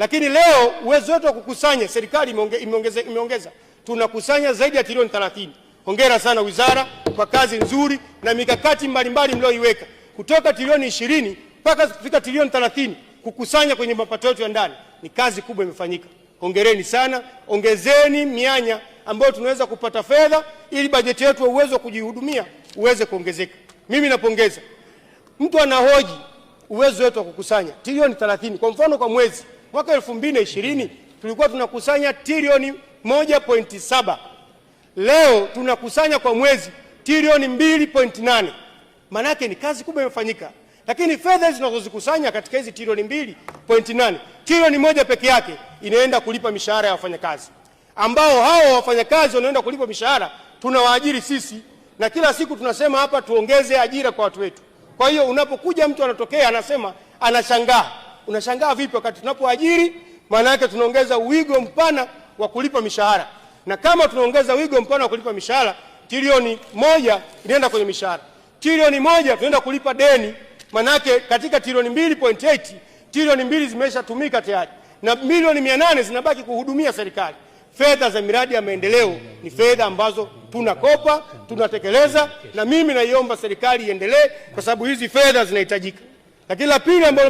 Lakini leo uwezo wetu wa kukusanya, serikali imeongeza, imeongeza tunakusanya zaidi ya trilioni 30. Hongera sana wizara kwa kazi nzuri na mikakati mbalimbali mlioiweka kutoka trilioni ishirini mpaka kufika trilioni 30 kukusanya kwenye mapato yetu ya ndani. Ni kazi kubwa imefanyika, hongereni sana. Ongezeni mianya ambayo tunaweza kupata fedha ili bajeti yetu uwezo wa kujihudumia uweze kuongezeka. Mimi napongeza mtu anahoji uwezo wetu wa kukusanya trilioni 30 kwa mfano kwa mwezi mwaka 2020 tulikuwa tunakusanya trilioni 1.7, leo tunakusanya kwa mwezi trilioni 2.8. Maanake ni kazi kubwa imefanyika, lakini fedha tunazozikusanya katika hizi trilioni 2.8, trilioni moja peke yake inaenda kulipa mishahara ya wafanyakazi, ambao hao wafanyakazi wanaenda kulipa mishahara tunawaajiri sisi, na kila siku tunasema hapa tuongeze ajira kwa watu wetu. Kwa hiyo unapokuja mtu anatokea anasema, anashangaa Unashangaa vipi wakati tunapoajiri, maana yake tunaongeza wigo mpana wa kulipa mishahara, na kama tunaongeza wigo mpana wa kulipa mishahara, trilioni moja inaenda kwenye mishahara, trilioni moja tunaenda kulipa deni. Maana yake katika trilioni 2.8 trilioni mbili zimeshatumika tayari na milioni nane zinabaki kuhudumia serikali. Fedha za miradi ya maendeleo ni fedha ambazo tunakopa, tunatekeleza, na mimi naiomba serikali iendelee, kwa sababu hizi fedha zinahitajika. Lakini la pili ambalo